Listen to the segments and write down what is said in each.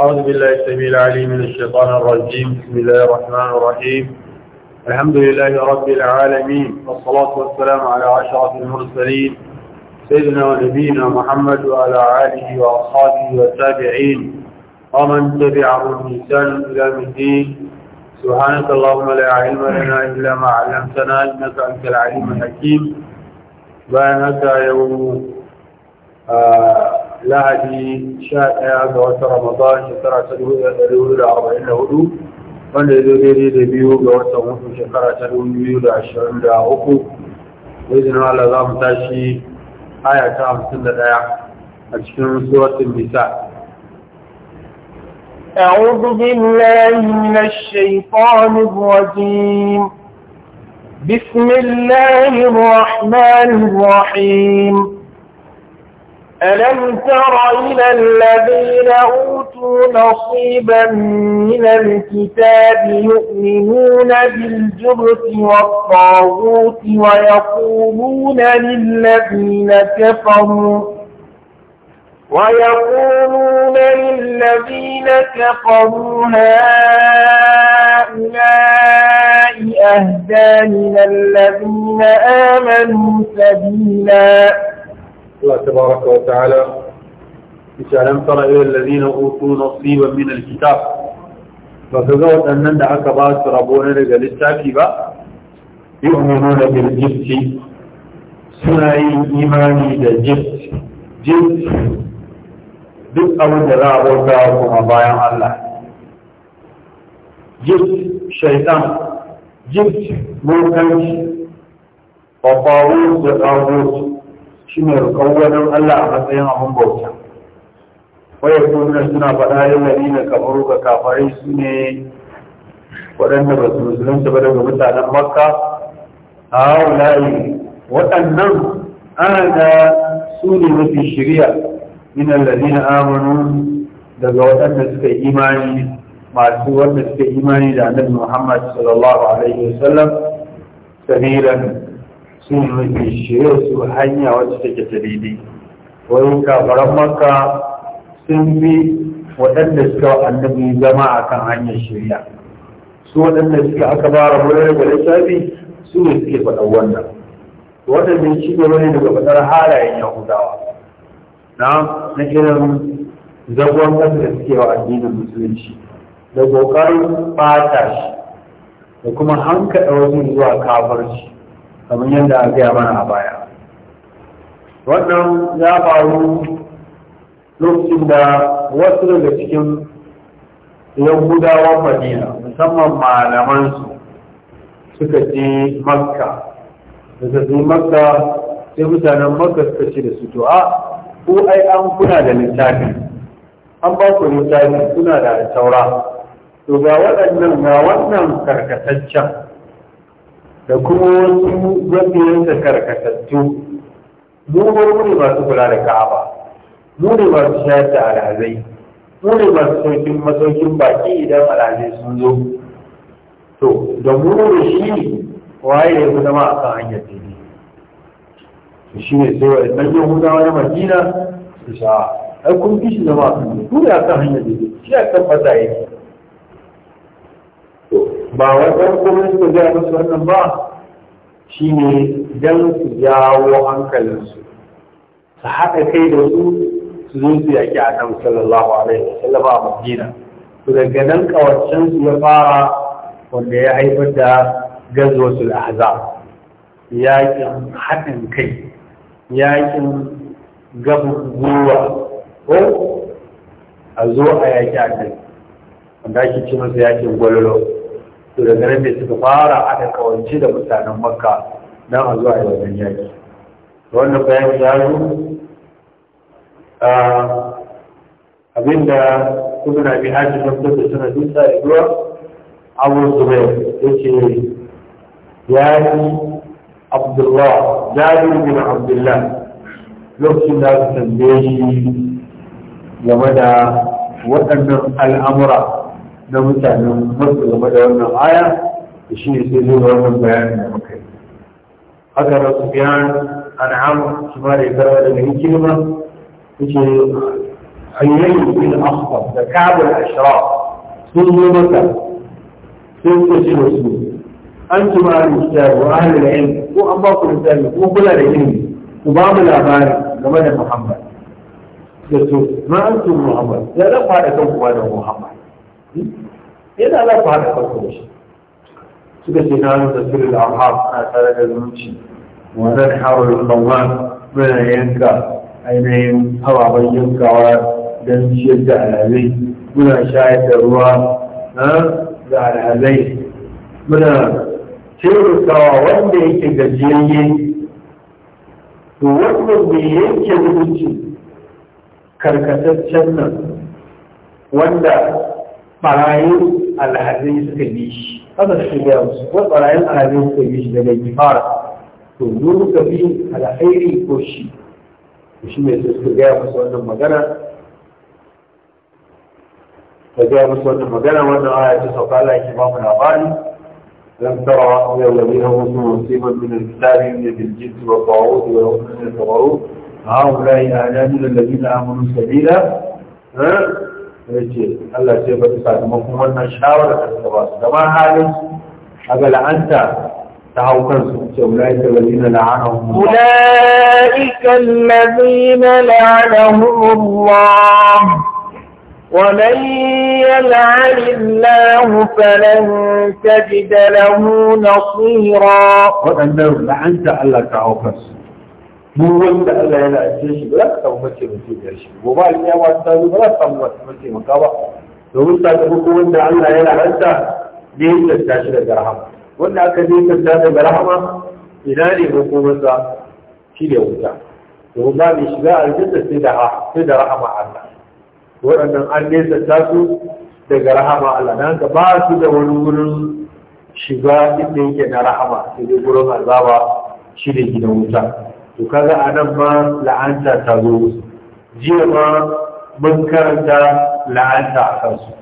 أعوذ بالله السميع العليم من الشيطان الرجيم بسم الله الرحمن الرحيم الحمد لله رب العالمين والصلاة والسلام على أشرف المرسلين سيدنا ونبينا محمد وعلى آله وأصحابه والتابعين ومن تبعهم بإحسان إلى الدين سبحانك اللهم لا علم لنا إلا ما علمتنا إنك أنت العليم الحكيم بأنك يوم آه lahadi sha ɗaya ga wata ramadan shekara ta dubu ɗaya ɗari hudu da arba'in da hudu wanda ya zo daidai da biyu ga watan hudu shekara ta dubu biyu da ashirin da uku da izinin Allah za mu tashi aya ta hamsin da ɗaya a cikin suratun nisa أعوذ بالله من الشيطان الرجيم بسم الله الرحمن الرحيم ألم تر إلى الذين أوتوا نصيبا من الكتاب يؤمنون بالجبت والطاغوت ويقولون للذين كفروا ويقولون للذين كفروا هؤلاء أهدى من الذين آمنوا سبيلا الله تبارك وتعالى إذا لم ترى إلى الذين أوتوا نصيبا من الكتاب فكذلك أن ندعك بعض ربونا لك للتاكبة يؤمنون بالجبت سنعي إيماني للجبت جبت دقة ودراء وكاركم أبايا الله جبت شيطان جبت موكاك وطاوز وطاوز shi ne rukon wajen Allah a matsayin abin bauta waya kuna suna faɗa yin gari na kamaru ga kafarai su ne waɗanda ba su musulunci ba daga mutanen makka a haulayi waɗannan ana su ne mafi shirya min na amanu daga waɗanda suka yi imani masu wanda suka yi imani da annabi Muhammad sallallahu alaihi wasallam sabiran su ne mafi shirya su hanya wacce take ta daidai Wani kafaran maka sun bi waɗanda suka wa annabi zama a kan hanyar shirya su waɗanda suka aka fara wurin da lissafi su ne suke faɗan wannan waɗanda shi gaba wani daga faɗar halayen yahudawa na na irin zagon ƙasa da suke wa addinin musulunci da ƙoƙarin ɓata shi da kuma hankaɗa wasu zuwa kafar shi. kamar yadda a gaya mana a baya wannan ya faru lokacin da wasu daga cikin yahudawan madina musamman malamansu suka je makka da su je makka sai mutanen makka suka ce da su to a ko ai an kuna da littafi an ba ku littafi kuna da taura to ga waɗannan ga wannan karkataccen da kuma wasu yanka karkatattu mu mu ne masu kula da ka'aba mu ne masu shayar da alhazai mu ne masu saukin masaukin baki idan alhazai sun zo to da mu da shi waye ya zama a kan hanyar jini to shi ne sai waɗannan yahudawa na madina su sha ai kun fi shi zama a kan ku hanyar jini. shi a kan fasa yake ba wa ɗan kuma gaya musu wannan ba shi ne don su jawo hankalinsu su haɗa kai da su su zo su yaƙi a kan sallallahu alaihi wa sallama a madina Su daga nan ƙawacensu ya fara wanda ya haifar da gazwatul la'aza. yaƙin haɗin kai yaƙin gabin ko a zo a yaƙi a kai wanda ake ci masa yaƙin gwalolo to daga nan ne suka fara aka kawance da mutanen makka don a zuwa yi wajen yaki wannan bayan ya abinda kuma na bi hajji na fitar da suna dutsa da ruwa abu zubair ya ce ya yi abdullah jabir bin abdullah lokacin da aka tambaye shi game da waɗannan al'amura na mutanen masu game da wannan aya da shi ne sai zai zo wannan bayanin da muka yi haka na su biyan an'am su ma da ya zama da mai kirma ce hanyoyi bin akhbar da kabul ashraf sun zo maka sun ce shi wasu an ci ma ma'anin kitabu ahalin da ilmi ko an ba ku littafi ko kula da ilimi ku ba mu labari game da muhammad da su ma an tun muhammad ya zafa da kan kuma da muhammad yana za ku haɗa farko da shi suka ce na nuna firin alhaf ana tare da zumunci wannan harin banwan muna yanka ainihin hababen yankawa don ciyar da alhazai muna shayar da ruwa da alhazai muna taimakawa wanda yake gajiyayye to wannan mai yanke zumunci karkataccen nan wanda barayin alhazai suka bi shi haka suke gaya wasu wani barayin alhazai suka bi shi daga gifara to mu muka bi alhairi ko shi to shi mai suka gaya musu wannan magana ta gaya musu wannan magana wannan aya ta sauka Allah yake ba mu labari لم ترى إلى الذين أوتوا نصيبا من الكتاب من الجنس والطاغوت والعود من الطاغوت هؤلاء أعلى من الذين آمنوا سبيلا sai ce Allah sai ba sakamakon wannan shawarar da suka ba su gama halin aga la'anta ta hau kansu ce ulaika allazina la'anahum ulaika allazina la'anahum Allah ومن يلعن الله فلن تجد له نصيرا وأنه لعنت الله كعوكس duk wanda Allah yana lalace shi ba za ka samu mace da shi gobe alƙiyama ta zo ba za ka samu mataimaka ba domin ko wanda Allah yana lalace ne ya tashi daga rahama wanda aka ne ya daga rahama ina ne makomarsa shi ne wuta domin ba mai shiga aljanna sai da sai da rahama Allah waɗannan an nesa ta su daga rahama Allah na haka ba su da wani wurin shiga inda yake na rahama sai dai gurin azaba shi ne gidan wuta to kaga a nan ma la'anta ta zo musu jiya ma mun karanta la'anta a kansu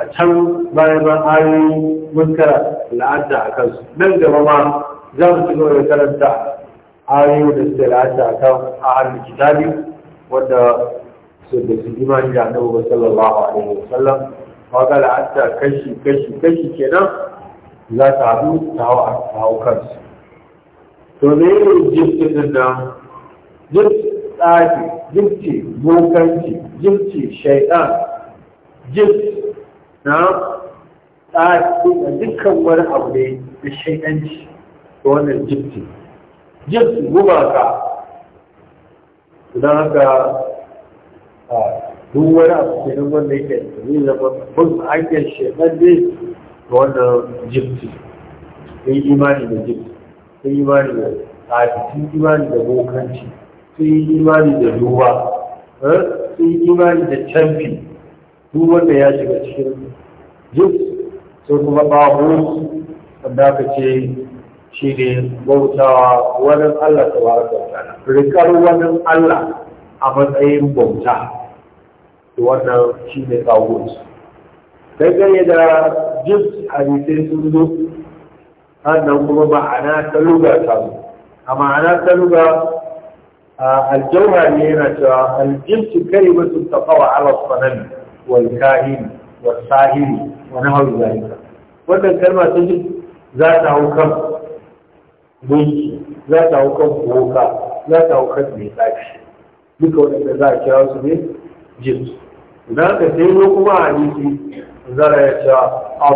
a can bayan ban ayoyi mun karanta la'anta a kansu nan gaba ma za mu ci gaba da karanta ayoyi da suka la'anta a kan ahalin kitabi wanda su da su mani da annabi sallallahu alaihi wa sallam. kaga la'anta kashi kashi kashi kenan za ta haɗu ta hau kansu to me ne jift din nan jift tsafi jifti bokanci jifti shaitan jift na tsafi dukkan wani abu ne da shaitanci da wannan jifti jift gumaka don haka duk wani abu ke nan wanda yake yi zama kun ake shekar ne ga wannan jifti in imani da jifti sun imani da tsafi sun imani da bokanci sun imani da duba eh, sun imani da canfi duk wanda ya shiga cikin duk sai kuma babu wanda aka ce shi ne bautawa wani Allah ta wa ta'ala rikar wani Allah a matsayin bauta wannan shi ne tsawon dangane da duk hadisai sun zo Hannan kuma ma'ana ta luga ta zo a ma'ana ta luga aljauha ne yana cewa aljinsu kai masu tafawa ala sanan wal kahin wal sahiri wa nahar zalika wannan kalma ta ji za ta hau kan gunki za ta hau kan boka za ta hau kan mai tsafi duka waɗanda za a kira su ne jinsu idan aka sai yi kuma a nisi zara ya cewa a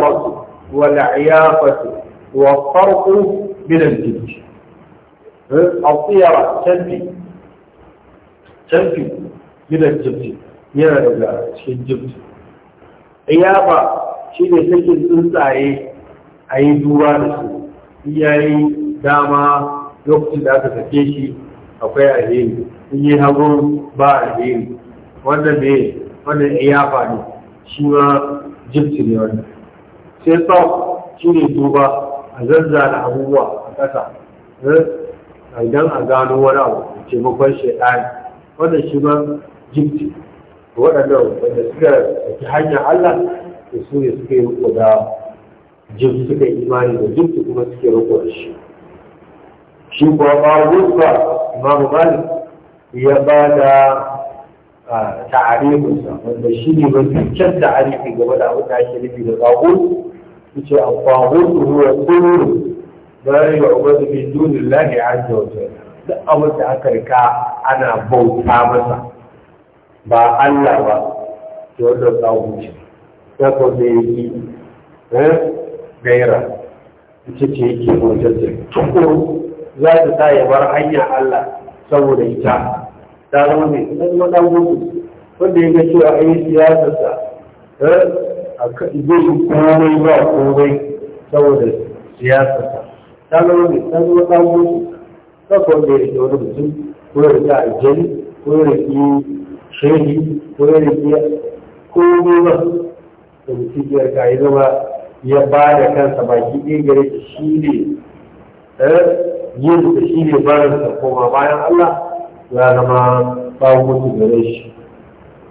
wasu wal iyafatu والفرق من الجد الطيرة تنفي تنفي من الجد yana daga cikin jibti iyaba shine ne sakin tsuntsaye a yi duba da su iyayi dama lokacin da aka sake shi akwai alheri in yi hagu ba alheri wanda ne wannan iyafa ne shi ma jibti ne wannan sai sau shi duba a da abubuwa a ƙasa eh, idan a gano wani abu taimakon shaidani wannan shi ma jibti waɗannan wanda suka ɗauki hanyar Allah da su ne suka yi riko da jibti suka yi imani da jibti kuma suke riko da shi shi kuwa ɓawon ba imamu malik ya ba da ta'arifinsa wanda shi ne mafi kyan ta'arifi game da abin da ake nufi da ɓawon yace al-taghut huwa yi la yu'badu min dunillahi azza wa jalla duk abin da aka rika ana bauta masa ba Allah ba to wanda tsawo ce ya ko da yi eh gaira ita ce yake bautar da tukuru za ta ta yi bar hanyar Allah saboda ita ta zama mai zama dan gudu wanda ya ga cewa ai siyasarsa eh? A zai yi komai ba komai saboda siyasa ta zama mai ta zama ɗan kafa wanda ya rike wani mutum ko ya rike aljani ko ya rike shehi ko ya rike komai ba da mutum ya rika ya zama ya ba da kansa baki ɗaya gare shi shi ne eh, yin da shi ne barin sa koma bayan Allah ya zama ba mutu gare shi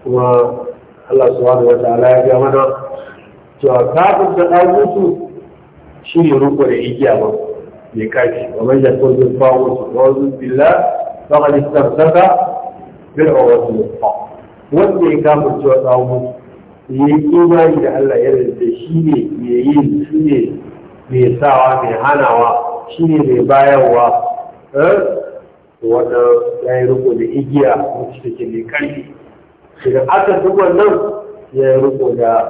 kuma Allah subhanahu wa ta'ala ya ga mana cewa kafin da ɗagutu shi ne ruku da igiya ba mai kashi wa mai da sojin bawo su ba wasu billa ba a listar saka bil a wasu ba wanda ya kafin cewa ɗagutu ya yi imani da Allah ya rinta shi ne mai yin shi ne mai sawa mai hanawa shi ne mai bayarwa eh? wanda ya yi ruku da igiya wacce take mai kashi. idan aka duk wannan ya yi ruku da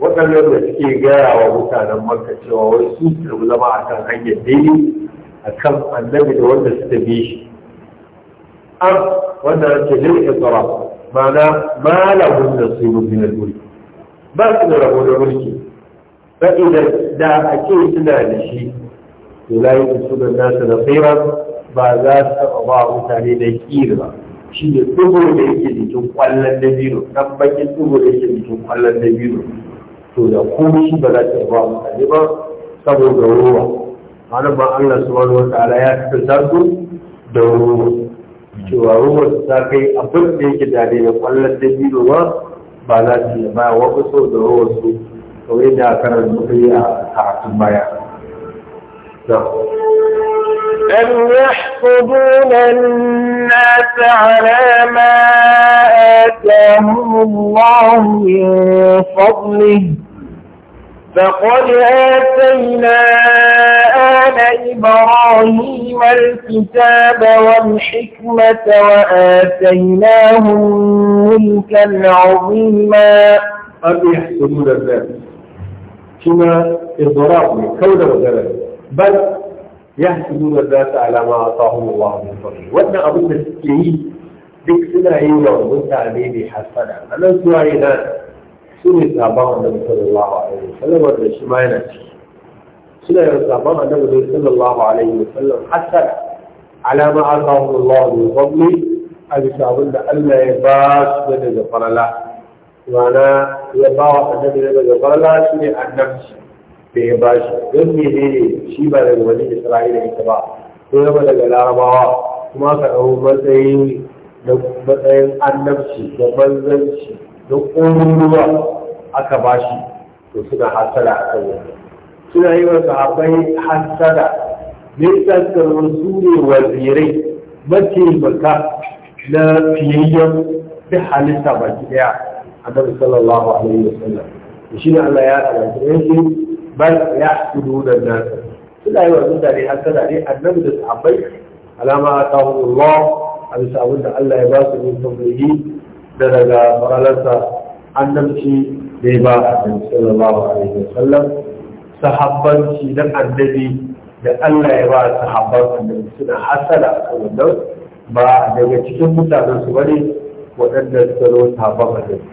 waɗannan da suke gaya wa mutanen makka cewa wai su su zama a kan hanyar daidai a kan annabi da wanda suka bi shi an wannan ce lil isra ma'ana ma lahum nasibun min al ba su da rabo da mulki fa idan da ake suna da shi to la yusudu na nasiran ba za su taɓa ba mutane da kiri ba shi ne tsubo da yake jikin kwallon dabino ɗan bakin tsubo da yake jikin kwallon dabino to da komai ba za ta ba mutane ba saboda ruwa malam ba Allah subhanahu wa ta'ala ya tsanta su da ruwa cewa ruwa ta kai abin da yake dade da kwallon da biyu ba ba za su yi ba wa so da ruwa su kawai da karar a karatun baya. أم يحسدون الناس على ما آتاهم الله من فضله فقد آتينا آل إبراهيم الكتاب والحكمة وآتيناهم ملكا عظيما أم يحسدون الناس كما إضراب من كون وجلال بل يحسبون الناس على ما أعطاهم الله من فضله وأنا أبو تسكيه بكسنا أيضا وأنت عبيدي حسنا أنا سوائنا سوري صابان النبي صلى الله عليه وسلم وأنا شمائنا سوري صابان النبي صلى الله عليه وسلم حسنا على ما أعطاهم الله من فضله أبي صابان ألا يباس من الله وأنا يباس النبي صلى الله عليه وسلم da ya ba shi don mene ne shi ba daga wani isra'ila ita ba ko yaba daga larabawa kuma ka ɗau matsayin da matsayin annabci da manzanci da ƙoruruwa aka ba shi to suna hasala a kan wannan suna yi wa sahabbai hasala me yasa suka zama su ne wazirai mataimaka na fiyayyen da halitta baki ɗaya annabi sallallahu alaihi wasallam shi ne Allah ya ɗaga shi bal ya kudu da nasa suna yi wa ne mutane hasada ne annabi da sahabbai alama ta Allah a bisa abin da Allah ya ba su min tambayi da daga faralarsa annabci da ya ba annabi sallallahu alaihi wa sallam sahabbanci da annabi da Allah ya ba sahabban annabi suna hasada kan wannan ba daga cikin mutanen su bane waɗanda suka zo sahabban annabi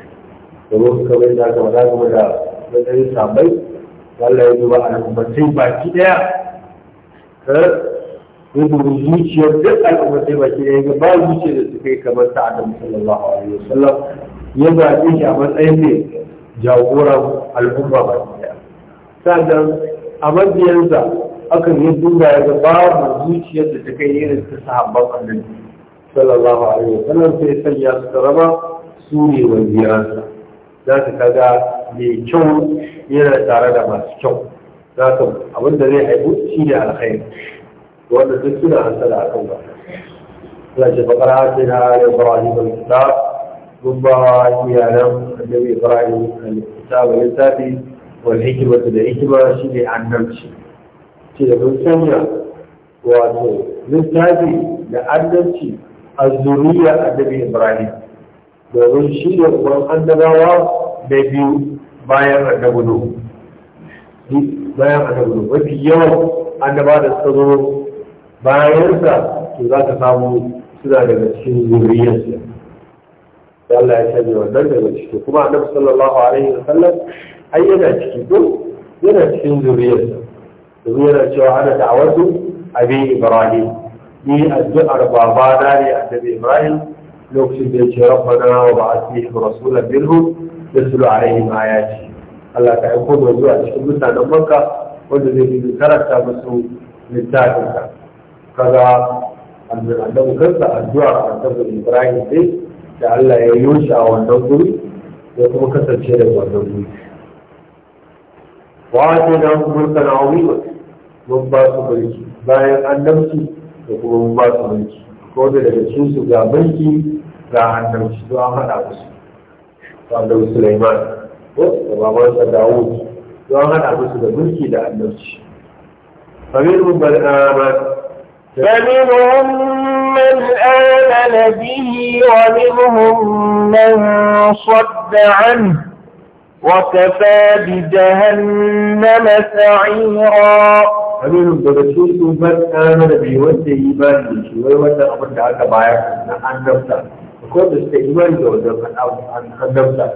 domin kamar da aka faɗa game da matsayin sahabbai wallahi ya duba a nan sai baki daya ka rubu zuciyar duk al'umma sai baki daya ga ba zuciyar da suka yi kamar ta adam sallallahu alaihi wasallam ya zaɓi shi a matsayin ne jagoran al'umma baki daya sannan a mabiyansa aka yi duba ya ga babu zuciyar da ta kai irin ta sahabban annabi sallallahu alaihi wasallam sai sanya su karama su ne wajiyarsa za ta kaga mai kyau yana tare da masu kyau za ka abin da zai haihu shi ne alkhairi wanda duk suna hasala a kan ba suna ce bakar hasina ya ibrahim al-kitab mun ba iyalan annabi ibrahim al-kitab al-littafi wal hikimatu da hikima shi ne annabci ce da mun sanya wato littafi da annabci a zuriya annabi ibrahim domin shi ne uban annabawa na biyu bayan annabi nuhu bayan annabi nuhu mafi yawan annaba da suka bayan bayansa to za ka samu suna daga cikin zuriyarsa da Allah ya sani wannan daga ciki kuma annabi sallallahu alaihi wa sallam ai yana ciki ko yana cikin zuriyarsa domin yana cewa ana da'awatu abin ibrahim ni addu'ar babana ne annabi ibrahim lokacin da ya ce rabbana wa a fihim rasulan minhum a ma ya ce. Allah ka aiko da zuwa cikin mutanen Makka wanda zai yi karanta musu littafin ka kaga annabi kansa addu'a annabi Ibrahim dai da Allah ya yi a wannan guri ya kuma kasance da wannan guri Wa da wa'adina mulkan azima mun ba su mulki bayan annabci da kuma mun ba su mulki ko da daga cikin su ga banki, ga annabci zuwa an haɗa musu annabi Sulaiman da babansa Dawud don hada musu da mulki da annabci فمنهم من آمن فمنهم من آمن به ومنهم من صد عنه وكفى بجهنم سعيرا فمنهم بغشوش من آمن به وانت آمن به وانت أمن دعاك بايك أن نفسك akwai da suka imani da wajen annabta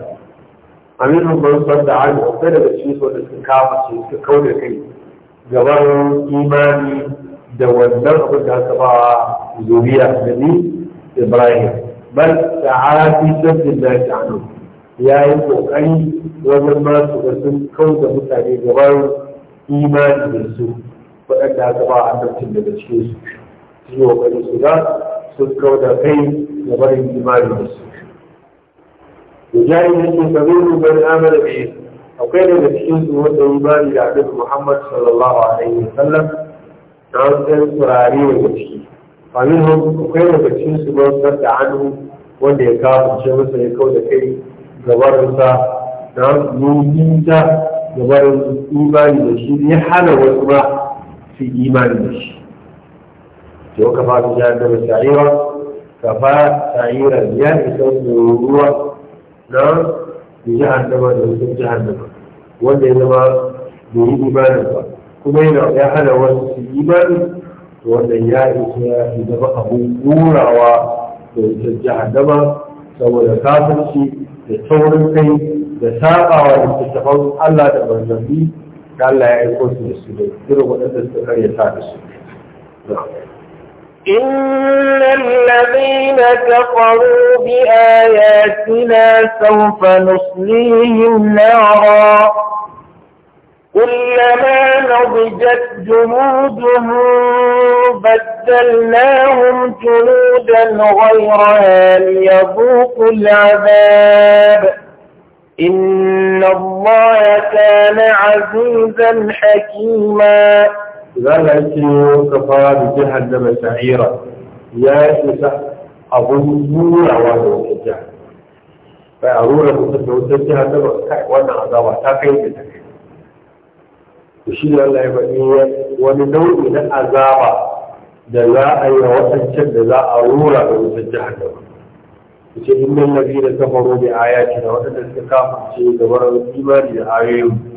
amin hannun san da hannu akwai daga cikin su wanda suka kafa ce suka kau da kai gaban imani da wannan abin da aka ba zuriya da ni ibrahim bal da arafi sabbin da ta hannu ya yi kokari wajen masu da sun kau da mutane gaban imani da su waɗanda aka ba annabcin daga cikin su su yi kokari su ga sun kawo da kai da barin imani da su mujahid yake kabiru ban amana bi akwai daga cikin su wanda imani da annabi Muhammad sallallahu alaihi wasallam da wasu turare daga ciki famin akwai daga cikin su ba da hannu wanda ya kawo ce masa ya kawo da kai gabarinsa da yi ta gabarin imani da shi ya hana wasu ba su imani da shi وكفى بجانب السعيرة كفى سعيرا ليان يسعد الوضوع نعم بجهنم ويسعد جهنم والإنما به إيمانا كمينا يا أنا وسوس الإيمان والإنما يا إسراء إذا بقبوا نورا ويسعد جهنم سوى الكافر شيء يتصور الكي يساقع ويستفعون الله تبعنا به قال لا يكون في السنة يرغب أن تستفعي يساقع السنة نعم إن الذين كفروا بآياتنا سوف نصليهم نارا كلما نضجت جنودهم بدلناهم جنودا غيرها ليذوقوا العذاب إن الله كان عزيزا حكيما zala yake kafa da jihar da bashaira ya isa abun nurawa da wata jihar bai a rura mutum da wata jihar da ba kai wannan azaba ta kai da ta kai to shi da Allah ya faɗi wani nau'i na azaba da za a yi wa wadancan da za a rura da wata jihar da ba ce inna allazina kafaru bi ayatina wadanda suka kafirce da barar imani da ayoyin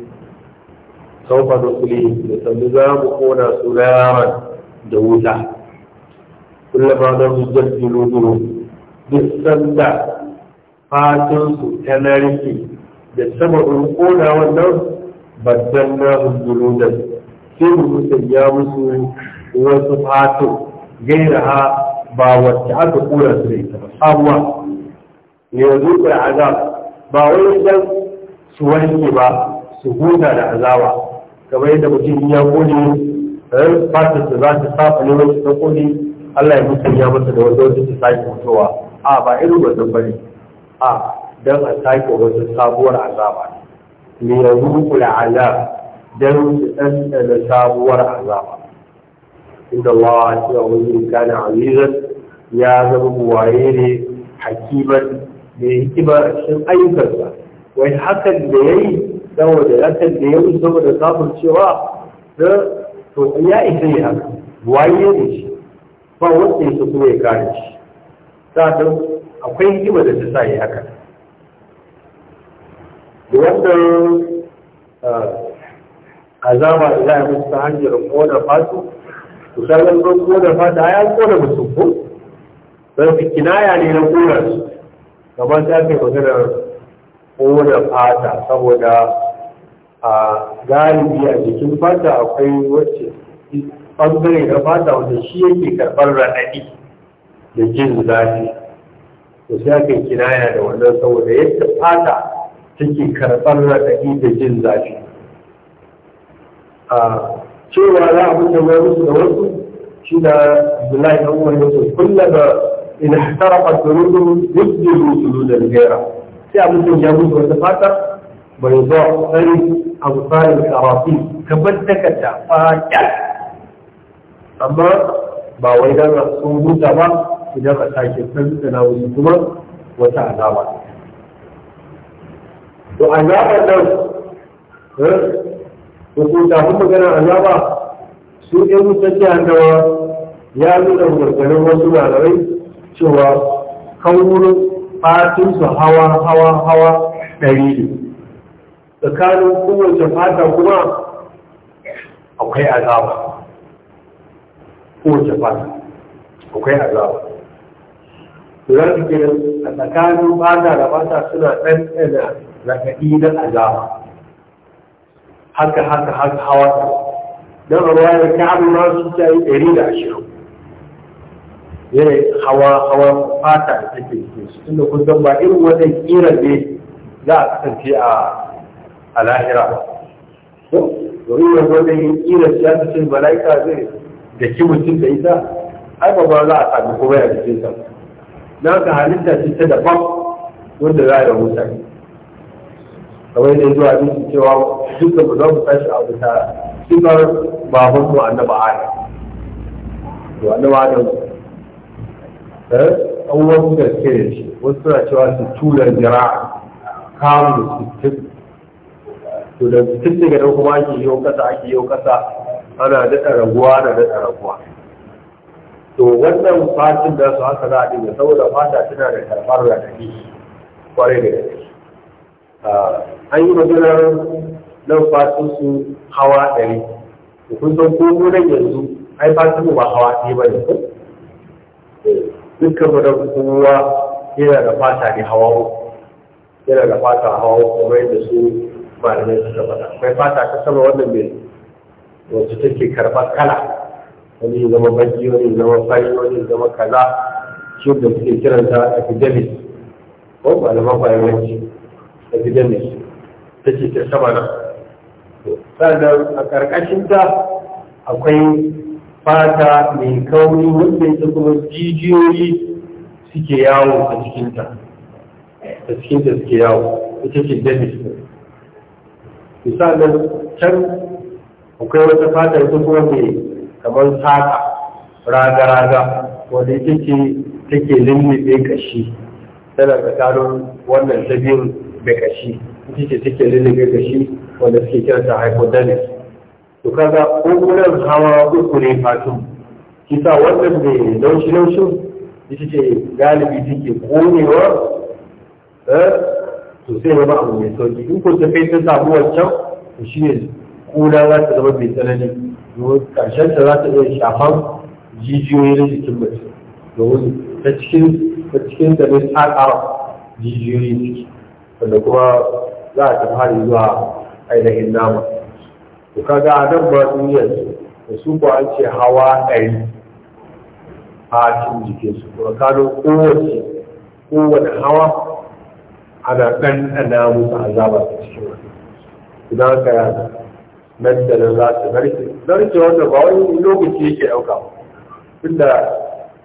saufa da kuli da sannu za mu kona su yaran da wuta kullum na su jirgin ruduru duk sanda fatinsu ta narki da sababin kona wannan baddan na hujjuludan sai mu musanya musu wasu fatin ba wacce aka su da ba yanzu ba wani su wanke ba su huta da azawa kamar yadda mutum ya kone eh, fatar da za ta safa ne wacce ta kone Allah ya ya masa da wanda wata ta sake mutuwa a ba irin wannan bane a dan a sake wata sabuwar azaba ne mai ruku da azab dan su ɗanɗana sabuwar azaba inda Allah ya ce wa wajen kana ya zama buwaye ne hakiman mai hikima a cikin ayyukansa wai hakan da ya yi saboda ratar da ya saboda samun cewa da to ya isa yi haka waye ne shi ba wanda ya kuma ya kare shi sa'adun akwai hikima da ta sa yi haka da wannan zama da ya musu ta hanyar koda fatu to don ko fasu A ya kona musu ko don su kinaya ne na kona su gaban ta kai maganar kona fata saboda a galibi a jikin fata akwai wacce ɓangare na fata wanda shi yake karɓar raɗaɗi da jin zafi to sai aka kiraya da wannan saboda yadda fata take karɓar raɗaɗi da jin zafi a cewa za a fita mai wasu da wasu shi da Abdullahi ɗan uwan yace kullama in ihtaraqa dhunubun yubdilu dhunubal gera. sai a mutum ya mutu wata fatar بيضاء غير أمثال الكراسي كبنتك تفاجأ amma ba wai don sun huta ba idan a sake tsantsana wasu kuma wata azaba to azabar nan da ko tafi magana azaba su ɗan wutar jihannawa ya nuna maganganun wasu malamai cewa kan wurin su hawa hawa hawa ɗari ne tsakanin kowace fata kuma akwai azaba kowace fata akwai azaba za su ke a tsakanin fata da fata suna ɗanɗana raɗaɗi na azaba haka haka haka hawa don ruwa da abin ma su ta yi ɗari da ashirin yanayi hawa hawa fata da take cikin su tunda kun ba irin wannan kiran ne za a kasance a a lahira to domin yanzu wajen yin ƙirar shafishin mala'ika zai da ki mutum da ita ai ba ba za a sami komai a jikinsa na ka halitta ce ta daban wanda za a yi mutane kamar yadda zuwa abinci cewa duka ba za mu tashi a wuta sifar baban mu annaba adam to annaba adam eh an wasu gaske da shi wasu suna cewa su tura jira kamun sittin to da tun daga nan kuma ake yau kasa ake yau kasa ana daɗa raguwa ana daɗa raguwa to wannan fatin da su haka za a dinga saboda fata tana da karɓar da take kwarai da gaske an yi maganar nan fatin su hawa ɗari kun san ko nan yanzu ai fatin ba hawa ɗaya ba ne ko dukkan mu da kowa yana da fata ne hawa uku yana da fata hawa uku yadda su malamai suka faɗa akwai fata ta sama wannan mai wacce take karɓar kala wani zama baki wani zama fari wani zama kaza shi da suke kiranta epidemic ko malaman bayanci epidemic ta ce ta sama nan sannan a ƙarƙashinta akwai fata mai kauri wanda ita kuma jijiyoyi suke yawo a cikinta a cikinta suke yawo ita ce demis misalin can akwai wata fatar kuma mai kamar saka raga-raga wanda ita ce take lullube kashi tana tsakanin wannan sabin da kashi ita ce take lullube kashi wanda suke kira hypodermic to kaga kogunan hawa uku ne fatun kisa wannan mai laushi-laushin ita ce galibi take konewa eh, to sai zama abu mai sauki in ko ta kai ta samu wancan to shi ne kuna za ta zama mai tsanani domin karshen ta za ta iya shafan jijiyoyi na jikin mace domin ta cikin ta cikin ta ne tsaka jijiyoyi ciki wanda kuma za ta fara zuwa ainihin nama to kaga a nan ba duniyar da su ko an ce hawa ɗari a cikin jikinsu kuma kano kowace kowane hawa ana ɗanɗana musu azaba a cikin wani idan ka yana nan da nan za ta narke narke wanda ba wani lokaci yake ɗauka tunda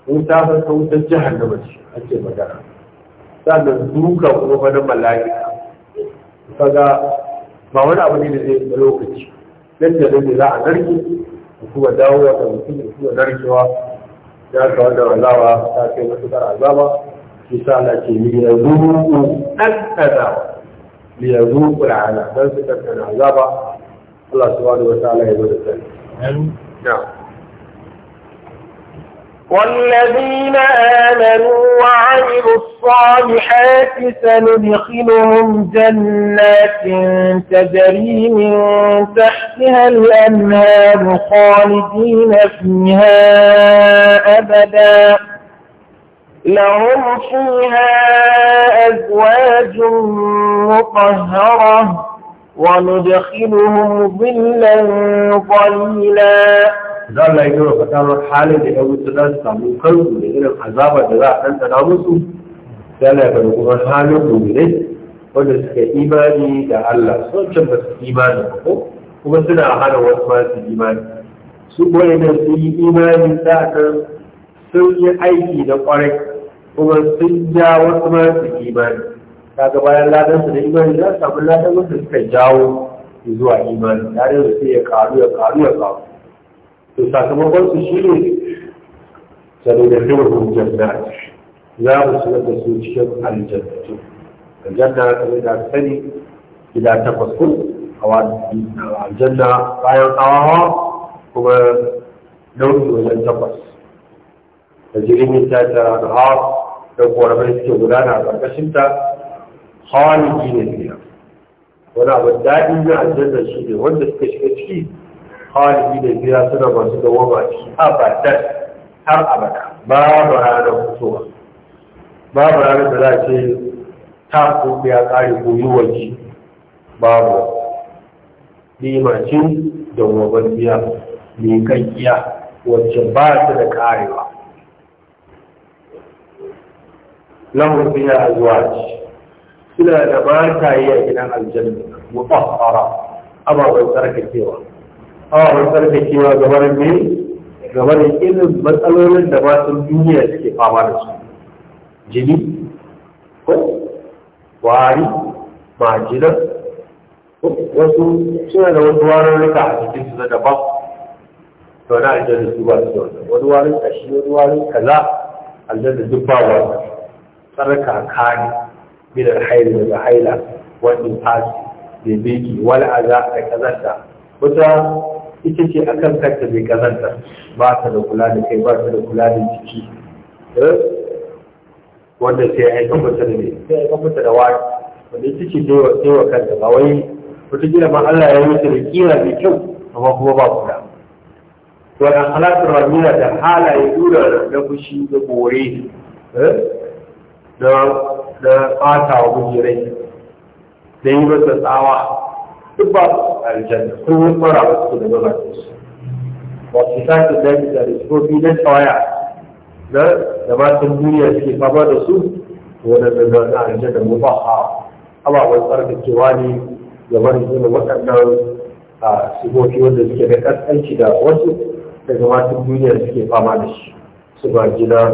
wuta ta ta wutar jihar na mace ake magana sannan duka kuma wani mala'ika kaga ba wani abu ne da zai da lokaci nan da nan za a narke kuma dawowa da mutum da kuma narkewa ya ka wanda azawa ta kai matuƙar azaba رسالتي ليذوقوا الأذى ليذوقوا العذاب بل سكت عن عذاب الله سبحانه وتعالى يقول نعم والذين آمنوا وعملوا الصالحات سندخلهم جنات تجري من تحتها الأنهار خالدين فيها أبداً لهم فيها أزواج مطهرة وندخلهم ظلا ظليلا لا الله يقول فتان الحالي لأبو سلاسة من قلب لإن الحزابة جزاء أنت نامسوا زال الله يقول الحالي بمينه ودسك إيماني دع الله سوچم بس إيماني ومسنا أحانا واسمات الإيمان سوبوين في إيماني ساعتا sun yi aiki da kwarai kuma sun ja wasu marasa imani kaga bayan ladansu da imani za su samu ladan wasu suka jawo zuwa imani tare da sai ya karu ya karu ya karu to sakamakon su shi ne sanu da dawar hujjar za mu shiga da su cikin aljannatu aljanna yi da sani gida takwas kun aljanna bayan awawa? kuma nau'i wajen takwas da jirgin ta ta har da korabai suke gudana a ƙarƙashinta khaliki ne biya. wani abu daɗi na aljanna shi ne wanda suka shiga ciki khaliki da biya suna masu dawama a ciki abadan har abada babu ranar fitowa babu ranar da za a ce ta ko ya ƙari ko waje babu nema ce da wabar biya mai kakkiya wacce ba ta da ƙarewa a zuwa azwaj suna da mataye a gidan aljanna mutahhara ababen tsarkakewa ababen tsarkakewa gabar me gabar irin matsalolin da ba matan duniya suke fama da su jini ko wari majina wasu suna da wasu warurruka a cikin su da ba to na aljanna su ba su da wani warin kashi wani warin kaza aljanna duk ba wani tsarka ne bidar haila daga haila wani fasi da biki a aza da kazanta wata ita ce a kan kanta mai kazanta ba ta da kula da kai ba ta da kula da jiki eh? wanda sai ya yi mata da ne sai ya haifar mata da wani wanda ita ce wa kanta ba wai wata gina ma Allah ya yi da kira mai kyau amma kuma ba kula wannan halatar ramina da halaye dura da fushi da bore eh? da ɓata wa mujirai da yi masa tsawa duk ba su aljanna sun yi tsara wasu da gaba da su ba su sake da da rikofi na tsawaya na da matan duniya suke fama da su wanda da na aljanna mu ba a ababen tsarkakewa ne ga barin zuwa waɗannan sigofi wanda suke da ƙasƙanci da wasu daga matan duniya suke fama da shi su ba gina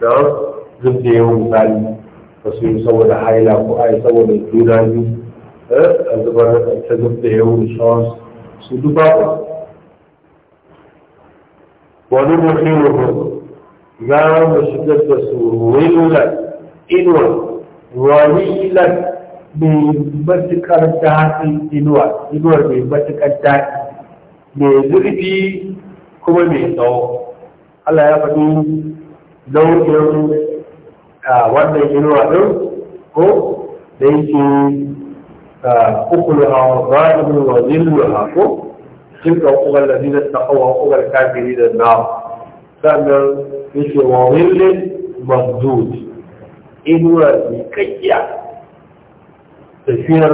da duk da yawan misali ba su yi saboda haila ko ai saboda juna biyu eh, a zubar da ta duk da yawan shawarsu su duba ba wani mutum ruhu za mu shigar da su wilan inuwa walilan mai matuƙar daɗi inuwa inuwar mai matuƙar daɗi mai zurfi kuma mai tsawo Allah ya faɗi nau'in wannan inuwa ɗin ko da yake ukuluha zalimin wa zilluha ko tilka uqbal ladina taqaw wa uqbal kafirin an-nar sannan yake wa zillin mamdud inuwa miƙaƙiya tafiyar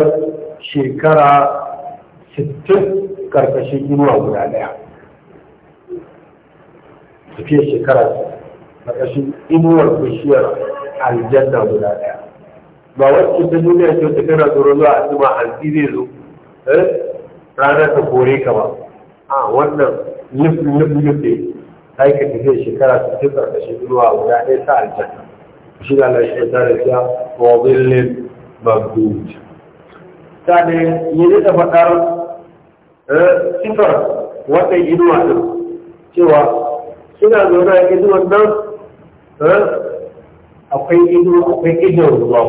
shekara 60 karkashin inuwa guda ɗaya tafiyar shekara karkashin inuwar bishiyar aljanna guda ɗaya. ba wacce ta duniya ce ta kana tsoro zuwa a zuba hansi zai zo eh? ranar ta kore ka ba a wannan nuf nuf nuf ne sai ka tafiya shekara ta ce karkashin zuwa guda ɗaya ta aljanna shi na na shi ta rafiya wa zillin mabdud ta ne yi da faɗar eh, sifar wannan inuwa ɗin cewa suna zaune a inuwan nan eh, akwai ido akwai idon ruwa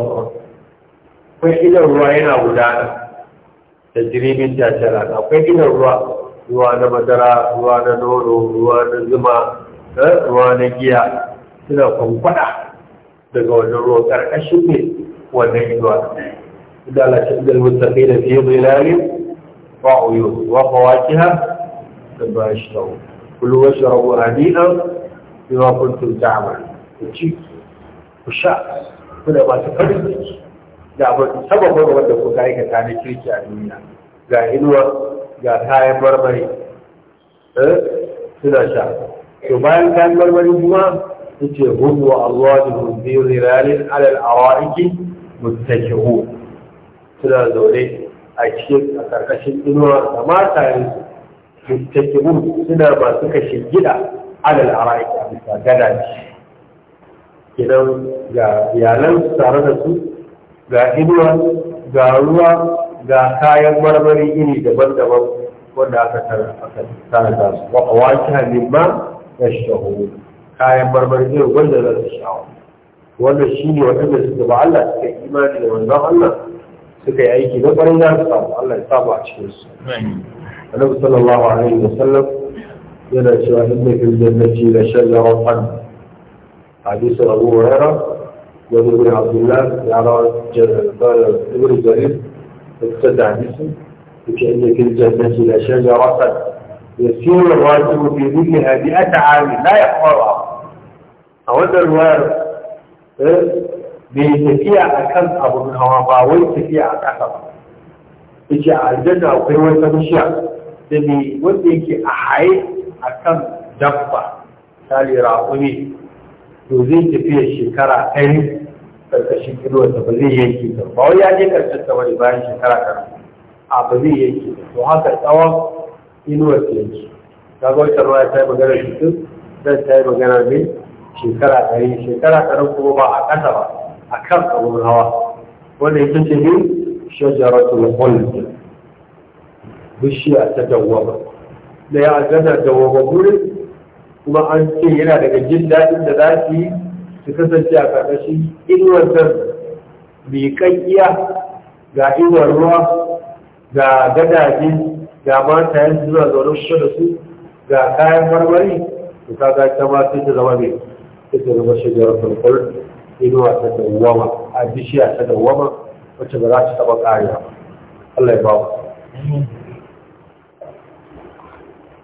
akwai idon ruwa yana gudana da jirgin jajjara akwai idon ruwa ruwa na madara ruwa na nono ruwa na zuma eh, ruwa na giya suna kwankwada daga wannan ruwa karkashin ne wannan idwa إذا لشد المتقين في ظلال وعيون وفواكه مما يشتهون كلوا واشربوا هنيئا بما كنتم تعملون ku sha kuna masu farin ciki da abin sababin wanda kuka aikata na kirki a duniya ga inuwa ga kayan marmari eh, suna sha to bayan kayan marmari kuma yace hum wa Allahu bi zilalin ala al-awaiki muttakihu suna zaune a cikin a karkashin inuwa da matayen muttakihu suna masu kashe gida ala al-awaiki a bisa gadaji idan ga yalan tare da su ga inuwa ga ruwa ga kayan marmari iri daban-daban wanda aka tara da su wa kawaki hannun ma ya shahu kayan marmari irin wanda za su sha'awa wanda shi ne waɗanda su ba Allah suka yi imani da wanzan Allah suka yi aiki na ƙwarin za su samu Allah ya samu a cikin su. Annabi sallallahu alaihi wa sallam yana cewa inna fil jannati la shajaratan حديث أبو هريرة وابن بن عبد الله قال ابن الزريف اقتدى حديثه وكأن كل جنة إلى شجرة يسير الراكب في ظلها مئة عام لا يحضرها أود الوارد إيه؟ بيتكيع أكل أبو من هواقاوي أكل تجي على الجنة أو قيوة مشيع تبي وديك أحيي أكل دبة تالي راقوني to zai tafiya shekara ɗari karkashin inuwarsa ba zai yanke ta ba wai ya je karshen ta bane bayan shekara ɗari a ba zai yanke ta to haka tsawon inuwar ta yanke ta ga wata ruwa ta yi magana shekaru zai ta yi magana ne shekara ɗari shekara ɗari kuma ba a ƙasa ba a kan abun hawa wanda ita ce ne shajaratul khuld bishiya ta dawwama da ya gana dawwama gurin kuma an ce yana daga jin daɗin da za su yi su kasance a ƙarƙashin inuwatar miƙaƙƙiya ga inuwar ruwa ga gadaje ga matayen zuwa zaune kusa da su ga kayan marmari su kaga ta ma sun ta zama mai ta zama shigar farfar inuwa ta dawwama a bishiya ta dawwama wacce ba za ta taɓa ƙariya ba Allah ya ba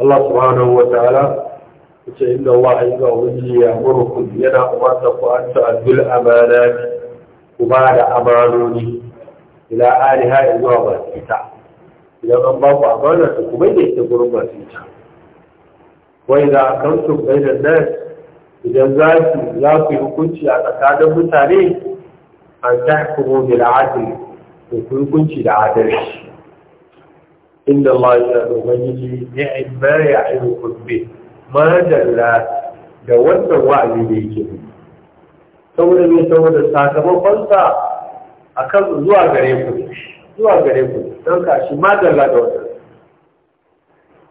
Allah subhanahu wa ta'ala yace inda Allah ya ga wani ya murku yana umarta ku an ta'addul amanati ku ba da amanoni ila aliha zuwa ba ita idan an ba ku amana to ku bai da ita gurin masu ita wai da su bai da nan idan za ku za ku yi hukunci a tsakanin mutane an kuma bil adl ku hukunci da adalci inda Allah ya da ubangiji ya ibba ya ayi kubbe ma dalla da wannan wa'azi da yake saboda me saboda sakamakon sa akan zuwa gare ku zuwa gare ku don ka shi ma dalla da wannan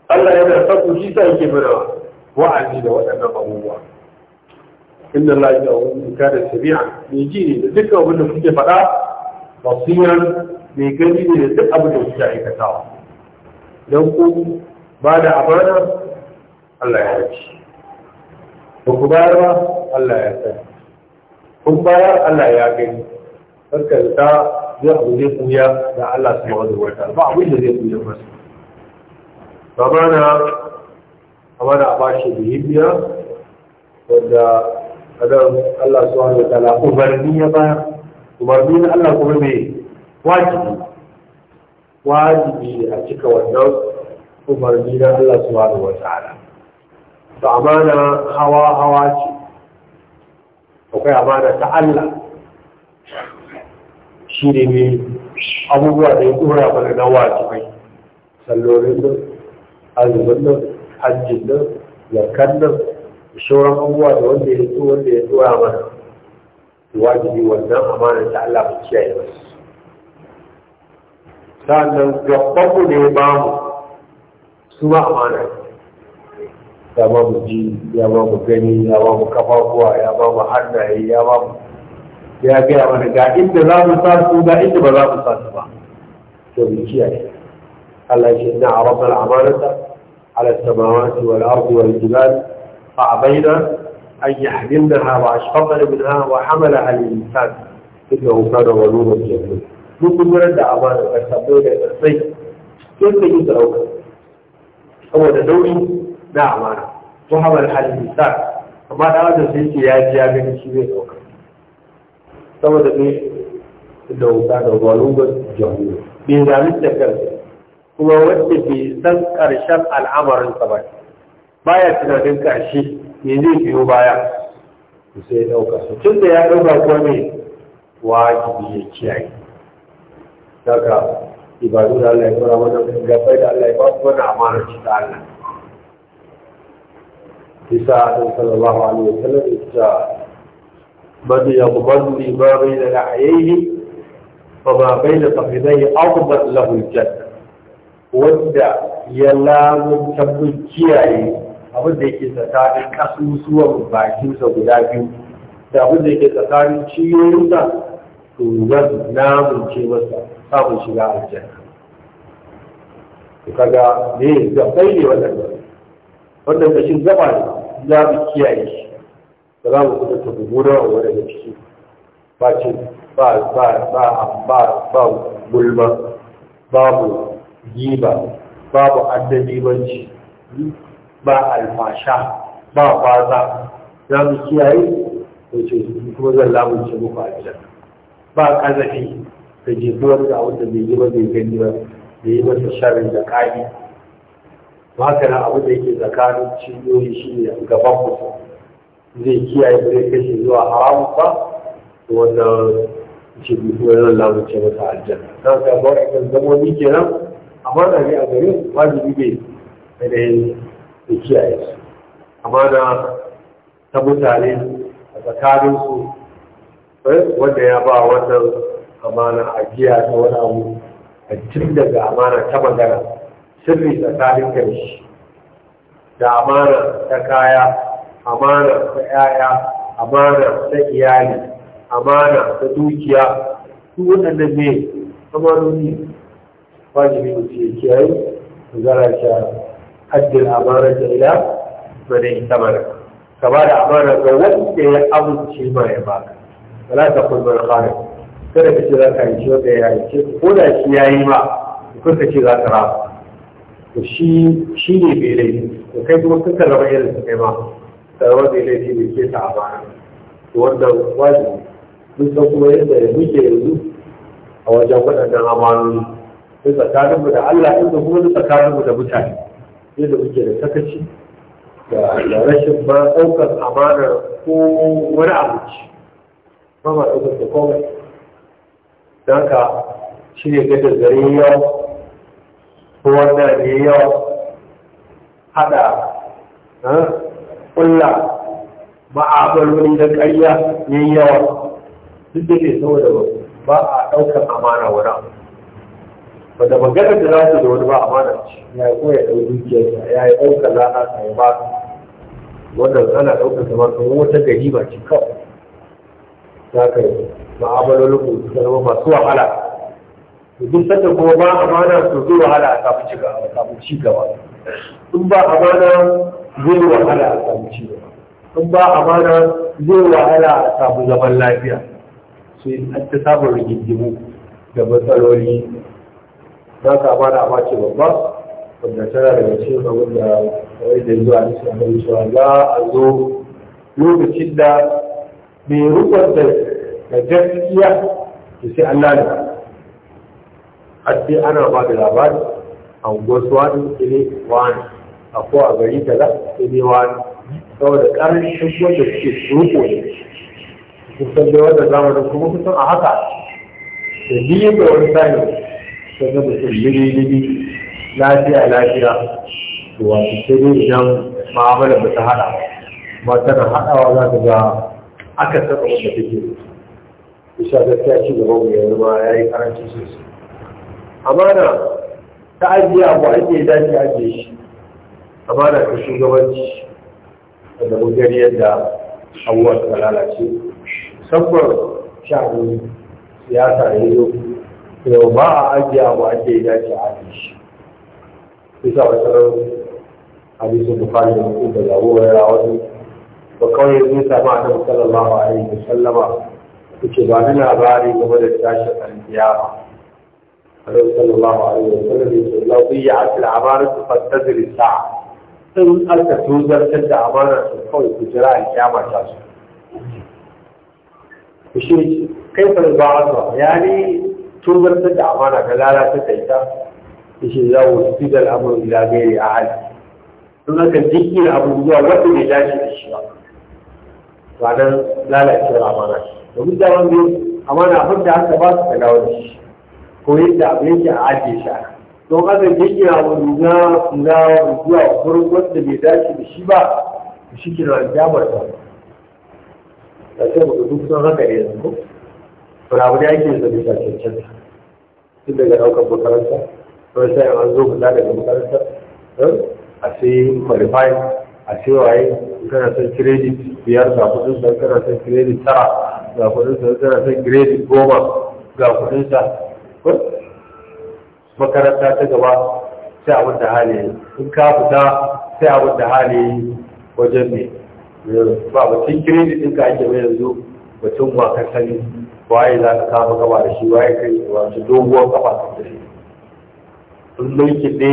Allah yana sabu shi sa yake mana wa'azi da waɗannan abubuwa inna Allah ya wani da sabi'a mai ji ne da dukkan abin da kuke faɗa basiran mai gani ne da duk abin da kuke aikatawa don ku ba da amana Allah ya haji ba ku bayar ba Allah ya sani kun bayar Allah ya gani karkarta zai abu zai kuya da Allah su mawa da wata ba abin da zai kuya masu Ba amana a bashi da hibiya wadda adam Allah su wani da ta'ala umarni ya bayar umarni na Allah kuma mai wajibi wajibi ne a cika wannan umarni na Allah subhanahu wa ta'ala to amana hawa hawa ce akwai amana ta Allah shi ne ne abubuwa da ya kura mana na wajibai sallolin nan azumin nan hajjin nan yankan nan shauran abubuwa da wanda ya so wanda ya mana wajibi wannan amana ta Allah ba kiyaye ba sannan gabanmu ne ba mu su ba amana ya ba mu ji ya ba mu gani ya ba mu kafafuwa ya ba mu hannaye ya ba mu ya gaya mana ga inda za mu sa su ga inda ba za mu sa su ba to mu kiyaye Allah ya ce inna arabna al-amanata على السماوات والأرض والجبال فأبينا أن يحملنها وأشفقن منها وحملها الإنسان إنه كان ظلوما جهولا duk gudunar da amana ka samu da ƙasai sai ka yi sarauka saboda nauyi na amana ko hamar halin sa amma da wajen sai ce ya ji ya gani shi zai sauka saboda ne da wuta da walugar jamhuriya bai zami da kansa kuma wacce bai san ƙarshen al'amarin sa ba baya tunanin ƙarshe me zai biyo baya sai ya ɗauka tun da ya ɗauka kuma ne wajibi ya kiyaye daga ibadu da Allah ya fara wannan gafai da Allah ya ba su wani amana shi ta Allah bisa da sallallahu alaihi wasallam ita man yaqbadu ma bayna la'ayhi fa ma bayna fakhidayhi ba lahu al-jannah wanda ya lamun tabbin kiyaye abin da yake tsakanin kasusuwan bakinsa guda biyu da abin da yake tsakanin ciyoyinsa to na mace masa samun shiga aljanna to kaga ne zabai ne wannan wannan kashin zaba ne za mu kiyaye shi ba za mu kuma ta gugura a wurin da ciki ba ce ba ba ba ba ba gulma babu giba babu addabibanci ba alfasha ba kwaza za mu kiyaye ko ce kuma zan lamunce muku aljanna ba ƙazafi da jefuwar da wanda bai yi ba bai gani ba da yi masa sharin da ƙari haka na abu da yake tsakanin cibiyoyi shi ne gaban mutum zai kiyaye ba zai kashe zuwa haramun ba wanda ce bikuwar nan lamunce masa aljanna don ka ba a kan zama ni kenan amma da ne a garin wajibi ne ainihin da kiyaye su amma na ta mutane a tsakaninsu Eh, wanda ya ba wannan amana a giya ta wani abu a cikin daga amana ta magana sirri tsakanin da shi da amana ta kaya amana ta yaya amana ta iyali amana ta dukiya su waɗannan ne amanoni wajibi mu ce kiyaye zara ta haddin amana ta ila mana ita mana ka ba da amana ga wanda ya amince ma ya baka wala ta kun bar kare kada ka ce za ka yi shi wanda ya yi ce ko da shi ya yi ma kun ka ce za ka raba Ko shi shi ne bai laifi Ko kai kuma ka raba irin kai ma sarwa bai laifi bai ke ta a to wanda wajibi mun san kuma yadda muke yanzu a wajen waɗannan amanoni sai tsakaninmu da Allah ɗin da kuma da tsakaninmu da mutane yadda muke da sakaci da rashin ma ɗaukar ko wani abinci ba ma ɗaukar da komai don ka shi ne gadar zare yau ko wanda ne yau haɗa ƙulla ma'abaloli na ƙarya ya ne yawa duk da ke saboda ba a ɗaukar amana wani abu da magana da za su da wani ba amana ce ya yi koya ɗau dukiyarsa ya yi ɗaukar lana ta yi ba wannan ana ɗaukar kamar wata gari ba ce kawai za ka yi ma'amalolin ku su zama masu wahala duk sanda kuma ba amana su zo wahala a kafin kafin ci gaba in ba amana zai wahala a kafin ci gaba in ba amana zai wahala a samu zaman lafiya sai an ta samun rigingimu da matsaloli za ka amana a ce babba wanda tana daga cikin abin da wai da zuwa nisa na wucewa za a zo lokacin da bai rukun da gaskiya to sai Allah ne har sai ana ba da labari a gwasuwa ne ile wani a ko a gari kaza ile wani saboda ƙarancin wanda suke roƙo ne kusan dai wanda da kuma kusan a haka da biyu da wani sani ta zama mutum biri-biri lafiya-lafiya to wasu sai dai idan ma'amala ba ta haɗa ba tana haɗawa za ta ga aka taɓa wanda take isa gaskiya ci gaba mu yanzu ma ya yi karanci sosai amana ta ajiye abu ake dace ajiye shi amana ta shugabanci da mun gani yadda abubuwa suka lalace musamman sha'anin siyasa yi yau yau ba a ajiye abu ake dace ajiye shi bisa wasu hadisin bukari da mutum da zabuwa ya rawar ba kawai zai samu annabi sallallahu alaihi wa sallama yake ba ni labari game da tashin alkiyama annabi sallallahu alaihi wa sallam yake la qiya al amanatu fantazir sa'a in aka tozartar da amana to kawai ku jira alkiyama ta su shi kai fa ba a yani tozartar da amana ka lalata ta ita shi za mu fi da al'amuru ila gairi ahad in aka jikin abu zuwa wanda bai dace da shi ba ba nan lalacewar amana domin daman biyu amana abin da aka ba su ta dawo shi ko yadda abu yake a ajiye shi aka don aka jingina wani na na zuwa wurin wanda bai dace da shi ba shi ke da damar ta da sai mu duk sun haka ne yanzu ko wani abu da yake da bisa cancan tun daga daukar makaranta wani sai an zo fita daga makaranta eh? a sai qualify a sai waye kana son biyar ga kudin sa kana son tara ga kudin sa kana son goma ga kudin sa makaranta ta gaba sai abin da hali in ka fita sai abin da hali wajen ne ba batun din ka ake mai yanzu batun ka sani waye za ka kama gaba da shi waye kai wato doguwar kafa ta da shi in mulkin ne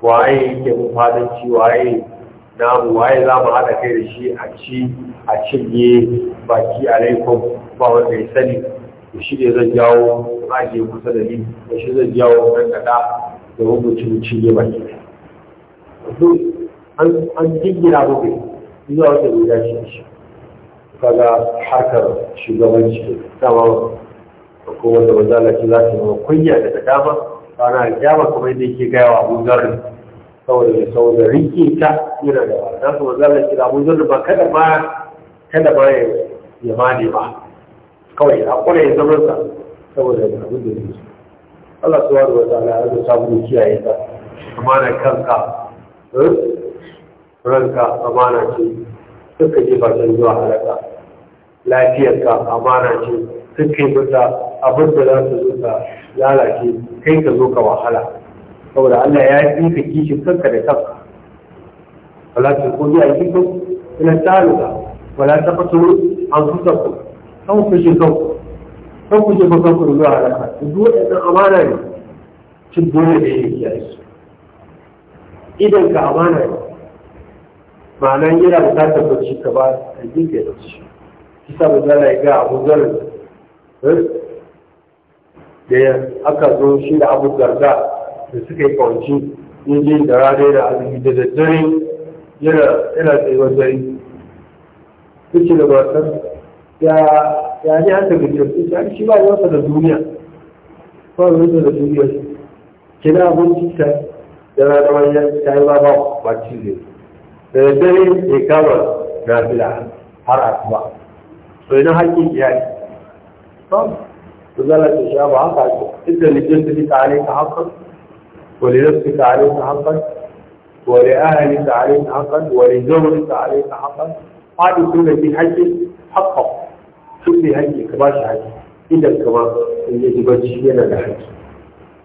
waye yake mufadinci waye namu waye za mu haɗa kai da shi a ci a cinye baki alaikum ba wanda ya sani da shi ne zan jawo rage kusa da ni da shi zan jawo rangaɗa da wani mu cinye baki an jingina muku zuwa wata guda shi shi kaga harkar shugabanci dama ko wanda ce za ta zama kunya daga dama ranar jama kamar yadda yake gaya wa abu garin. saboda saboda rike ta yana da wata su maza da kira mun zurna ba kada ba kada ba ya ma ne ba kawai a kula ya zama sa saboda da abin da su Allah wadda wata ta'ala ya samu kiyaye ta amana kanka eh? ranka amana ce suka ji ba zuwa halaka lafiyarka amana ce suka yi mata abin da za su zo lalace kai ka zo ka wahala saboda Allah ya yi ka kishin kanka da kanka wala ta ko biya yi ko ina taluka wala ta fasu an fusa ku kan ku shi kan kan ku je ba kan ku ruwa halaka duk wannan amana ne cin dole da yake kiyaye su idan ka amana ne ma'ana yana bukatar bacci ka ba a jinka ya bacci sa ba zara ya ga abu zarar eh, da aka zo shi da abu garga da suka yi kawance ya je da rana da azumi da daddare yana yana tsayuwar dare ta ce da matar ya ya ne haka da kyau ta shi ba yawansa da duniya ba yawansa da duniya kina abinci ta da rana wani ta yi ba ba ba ci da daddare ya kama na fila har asuba to idan hakkin iyali su zala ta sha ba haka ce inda lijin ta fi tsare ka hakan ولنفسك عليك حقا ولأهلك عليك حقا ولزوجك عليك حقا قال كل في حج حقه كل حج كباش حج إذا كما يجب أن تشينا لحج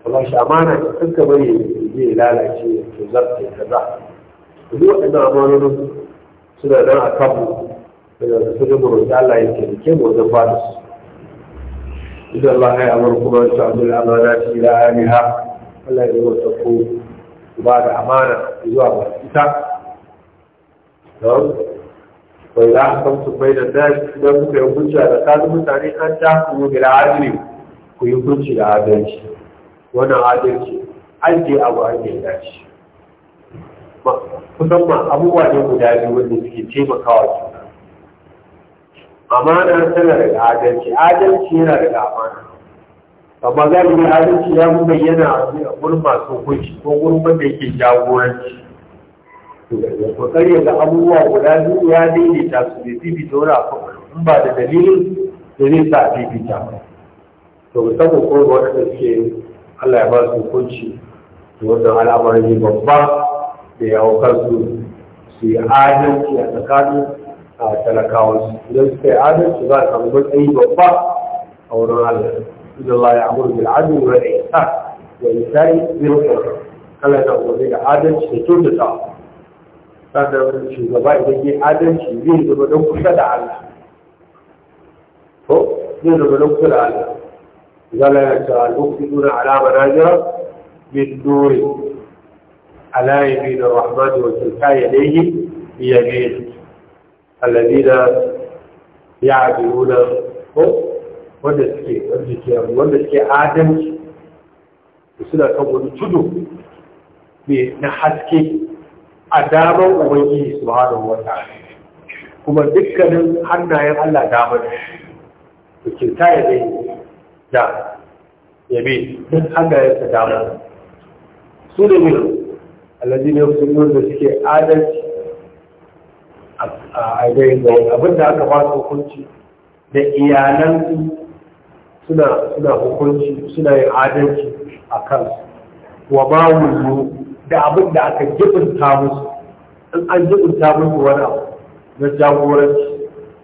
والله شو أمانة كنت بري يجي لا لا شيء وزرت كذا هو أن أمانة سنة أنا أكبر سنة مرة الله يمكن كم وزفارس إذا الله يأمركم أن تعبدوا الأمانات إلى أهلها Allah ya yi ko ba da amana zuwa ba ita don bai za a kamsu bai da dashi don kuka yi hujja da kasu mutane an ta kuma gida adili ku yi hujji da adalci wannan adalci an je abu an yi dace. kusan ma abubuwa ne guda biyu wanda suke taimakawa juna amana tana daga adalci adalci yana daga amana amma galibi adalci ya mu bayyana a wurin masu hukunci ko wurin wanda yake jagoranci to karya ga abubuwa guda biyu ya daidaita su bai fifita wani akwai in ba da dalilin da zai sa a fifita ba to sabon ko wanda suke Allah ya ba su hukunci da wannan al'amarin ne babba da ya hukar su su yi adalci a tsakanin a talakawansu idan suka yi adalci za a samu matsayi babba a wurin Allah إن الله يعمر بالعدل والإحسان والإنسان بالخير كلا تقول لك عدل شتون تقول هذا شو زباء يجي عدل شبين دو بدون كسد على هو دو بدون كسد على إذا لا يتعال على مناجر من دور على يمين الرحمن وتلقى يديه بيمين الذين يعدلون هو wanda suke wanda suke wanda suke adalci suna kan wani tudu ne na haske a damar ubangiji ba da wata. kuma dukkanin hannayen Allah damar da ta yi dai da yabe duk hannayen sa damar su ne mai alazi ne su yi da suke adalci a ainihin da abinda aka ba su hukunci da iyalansu suna hukunci suna yin adalci a kansu wa ma wuzu da abin da aka jibinta musu in an jibinta musu wani abu na jagoranci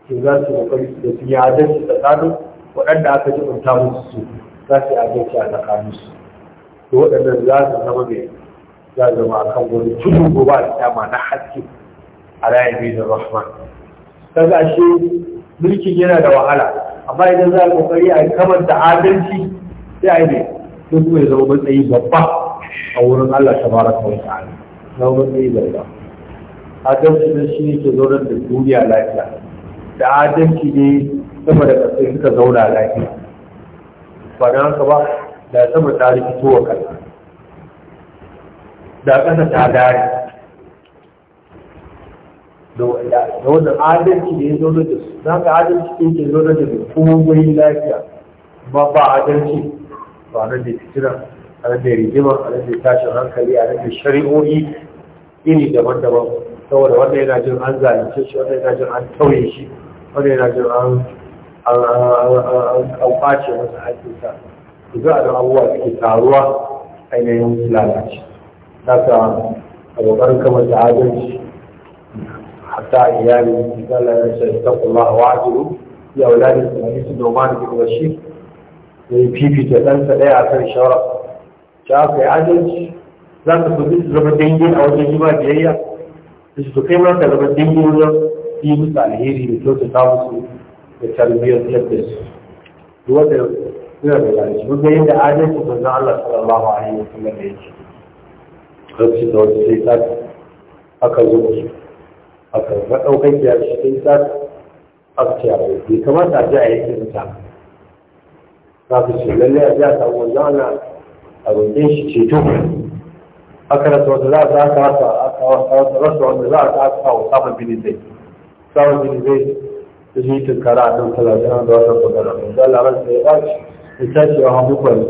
to za su kokari da su yi adalci tsakanin waɗanda aka jibinta musu su za su yi adalci a tsakanin su da waɗannan za su zama mai za su zama a kan wurin tudu gobe a dama na haske a rayu da rahman kaga ashe mulkin yana da wahala amma idan za a kokari a da adalci sai a yi ne Sun kuma ya zama matsayi babba a wurin Allah ta tabaraka wa ta'ala zama matsayi babba adalci ne shi ne ke zaunar da duniya lafiya da adalci ne sama da ƙasai suka zauna lafiya ba na haka ba da sama ta rikito wa kanta da ƙasa ta dare da wannan adalci da ya zo da su za ka adalci da ke zo da su kuma goyi lafiya ba ba adalci ba nan da fitina a nan da rigima a nan da tashin hankali a nan da shari'o'i iri daban-daban saboda wanda yana jin an zalunce shi wanda yana jin an tauye shi wanda yana jin an an kwace masa haƙƙinsa za a don abubuwa suke taruwa ainihin lalace. Saka a ƙoƙarin kamar da adalci حتى عيالي قال اتقوا الله واعدلوا يا اولادي تمارس النومان بن بشير في في تدان سداي اكن شرع شاف عدل za ka so su zama dangin a wajen yi ma biyayya su kai ma ka zama dangin wajen yi musu alheri da kyautata musu da tarbiyyar yadda su wanda suna da gani mun ga yadda adalci manzon Allah sallallahu alaihi wasallam yake lokacin da wasu sai ta zo musu a kan maɗaukakiya da shi ta akciya bai bai kamata a ji a yankin ta za su ce lalle a ji a samu wannan ana a roƙin shi ceto A rasa wata za a sa aka a rasa wanda za a sa a kawo samun bini zai samun bini zai ta yi tunkara a kan talatin da wannan magana wanda laran sai ya ɓaci ya tashi wa hamukwari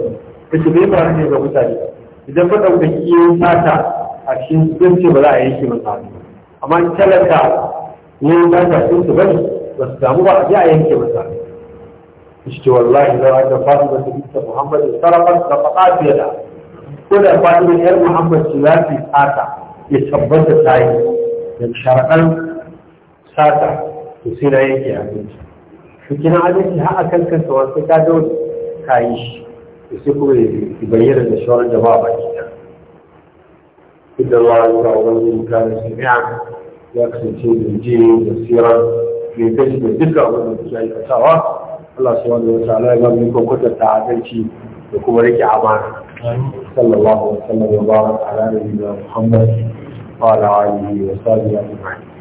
ita bai fara ne ga mutane idan ba ɗaukaki ya yi sata a cikin ce ba za a yanke mutane. amma in talaka ne ba ta sun su bane ba su samu ba a ji a yanke masa shi wallahi zai a fasu ba su muhammadu sarrafan da faɗa fiye da ko da fasu da yar muhammadu su lafi sata ya tabbata ta yi da sharaɗar sata to sai na yanke abinci shi kina abinci har a kan kansa wasu ka dole ka yi shi sai kuma ya bayyana da shawarar jama'a baki ɗaya إن الله يرى كان سميعا ya kasance da je da sirar mai kashi da duka wanda su yi kasawa Allah su da wata ala ya mai kwakwata ta adalci da kuma rike amana sallallahu alaihi wa sallam wa barak ala nabiyina Muhammad wa ala alihi wa sahbihi ajma'in